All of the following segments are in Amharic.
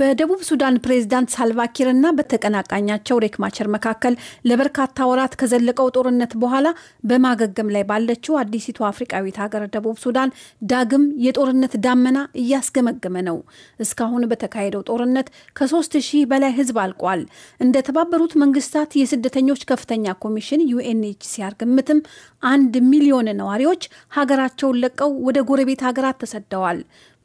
በደቡብ ሱዳን ፕሬዝዳንት እና በተቀናቃኛቸው ሬክማቸር መካከል ለበርካታ ወራት ከዘለቀው ጦርነት በኋላ በማገገም ላይ ባለችው አዲሲቱ አፍሪቃዊት ሀገር ደቡብ ሱዳን ዳግም የጦርነት ዳመና እያስገመገመ ነው። እስካሁን በተካሄደው ጦርነት ከሶስት ሺህ በላይ ህዝብ አልቋል። እንደ ተባበሩት መንግስታት የስደተኞች ከፍተኛ ኮሚሽን ዩኤንኤችሲአር ግምትም አንድ ሚሊዮን ነዋሪዎች ሀገራቸውን ለቀው ወደ ጎረቤት ሀገራት ተሰደዋል።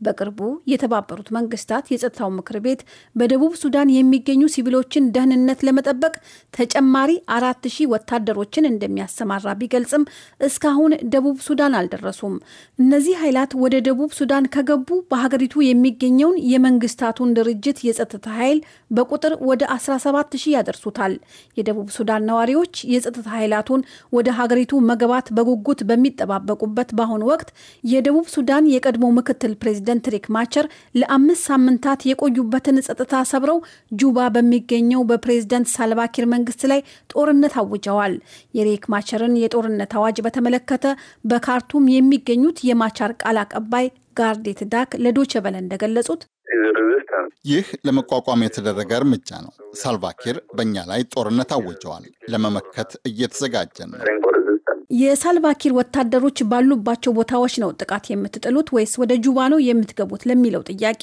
በቅርቡ የተባበሩት መንግስታት የጸጥታው ምክር ቤት በደቡብ ሱዳን የሚገኙ ሲቪሎችን ደህንነት ለመጠበቅ ተጨማሪ አራት ሺህ ወታደሮችን እንደሚያሰማራ ቢገልጽም እስካሁን ደቡብ ሱዳን አልደረሱም። እነዚህ ኃይላት ወደ ደቡብ ሱዳን ከገቡ በሀገሪቱ የሚገኘውን የመንግስታቱን ድርጅት የጸጥታ ኃይል በቁጥር ወደ 17 ሺህ ያደርሱታል። የደቡብ ሱዳን ነዋሪዎች የጸጥታ ኃይላቱን ወደ ሀገሪቱ መግባት በጉጉት በሚጠባበቁበት በአሁኑ ወቅት የደቡብ ሱዳን የቀድሞ ምክትል ፕሬዚደንት ደንትሪክ ሪክ ማቸር ለአምስት ሳምንታት የቆዩበትን ጸጥታ ሰብረው ጁባ በሚገኘው በፕሬዝደንት ሳልቫኪር መንግስት ላይ ጦርነት አውጀዋል። የሪክ ማቸርን የጦርነት አዋጅ በተመለከተ በካርቱም የሚገኙት የማቻር ቃል አቀባይ ጋርዴት ዳክ ለዶቼ እንደገለጹት ይህ ለመቋቋም የተደረገ እርምጃ ነው። ሳልቫኪር በእኛ ላይ ጦርነት አውጀዋል። ለመመከት እየተዘጋጀን ነው። የሳልቫኪር ወታደሮች ባሉባቸው ቦታዎች ነው ጥቃት የምትጥሉት ወይስ ወደ ጁባ ነው የምትገቡት ለሚለው ጥያቄ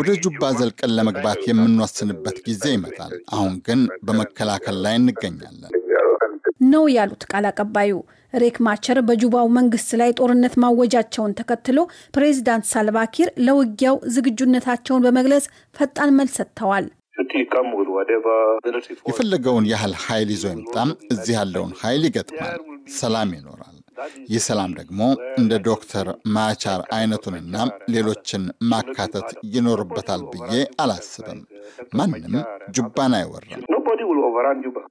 ወደ ጁባ ዘልቀን ለመግባት የምንወስንበት ጊዜ ይመጣል። አሁን ግን በመከላከል ላይ እንገኛለን ነው ያሉት ቃል አቀባዩ። ሬክ ማቸር በጁባው መንግስት ላይ ጦርነት ማወጃቸውን ተከትሎ ፕሬዚዳንት ሳልቫኪር ለውጊያው ዝግጁነታቸውን በመግለጽ ፈጣን መልስ ሰጥተዋል። የፈለገውን ያህል ኃይል ይዞ ይምጣም፣ እዚህ ያለውን ኃይል ይገጥማል። ሰላም ይኖራል። ይህ ሰላም ደግሞ እንደ ዶክተር ማቻር አይነቱንና ሌሎችን ማካተት ይኖርበታል ብዬ አላስብም። ማንም ጁባን አይወራም።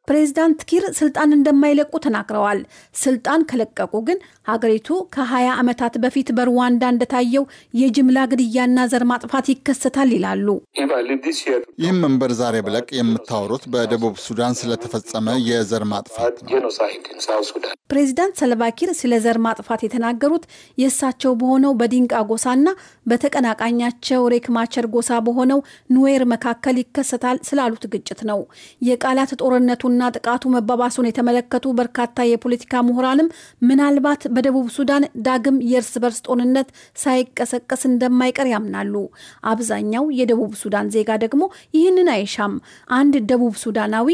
ፕሬዚዳንት ኪር ስልጣን እንደማይለቁ ተናግረዋል። ስልጣን ከለቀቁ ግን ሀገሪቱ ከ20 ዓመታት በፊት በሩዋንዳ እንደታየው የጅምላ ግድያና ዘር ማጥፋት ይከሰታል ይላሉ። ይህም መንበር ዛሬ ብለቅ የምታወሩት በደቡብ ሱዳን ስለተፈጸመ የዘር ማጥፋት ነው። ፕሬዚዳንት ሰልቫኪር ስለ ዘር ማጥፋት የተናገሩት የእሳቸው በሆነው በዲንቃ ጎሳና በተቀናቃኛቸው ሬክማቸር ጎሳ በሆነው ኑዌር መካከል መካከል ይከሰታል ስላሉት ግጭት ነው። የቃላት ጦርነቱና ጥቃቱ መባባሱን የተመለከቱ በርካታ የፖለቲካ ምሁራንም ምናልባት በደቡብ ሱዳን ዳግም የእርስ በርስ ጦርነት ሳይቀሰቀስ እንደማይቀር ያምናሉ። አብዛኛው የደቡብ ሱዳን ዜጋ ደግሞ ይህንን አይሻም። አንድ ደቡብ ሱዳናዊ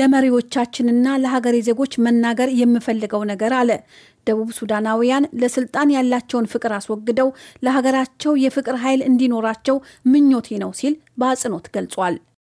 ለመሪዎቻችንና ለሀገሬ ዜጎች መናገር የምፈልገው ነገር አለ ደቡብ ሱዳናውያን ለስልጣን ያላቸውን ፍቅር አስወግደው ለሀገራቸው የፍቅር ኃይል እንዲኖራቸው ምኞቴ ነው ሲል በአጽንኦት ገልጿል።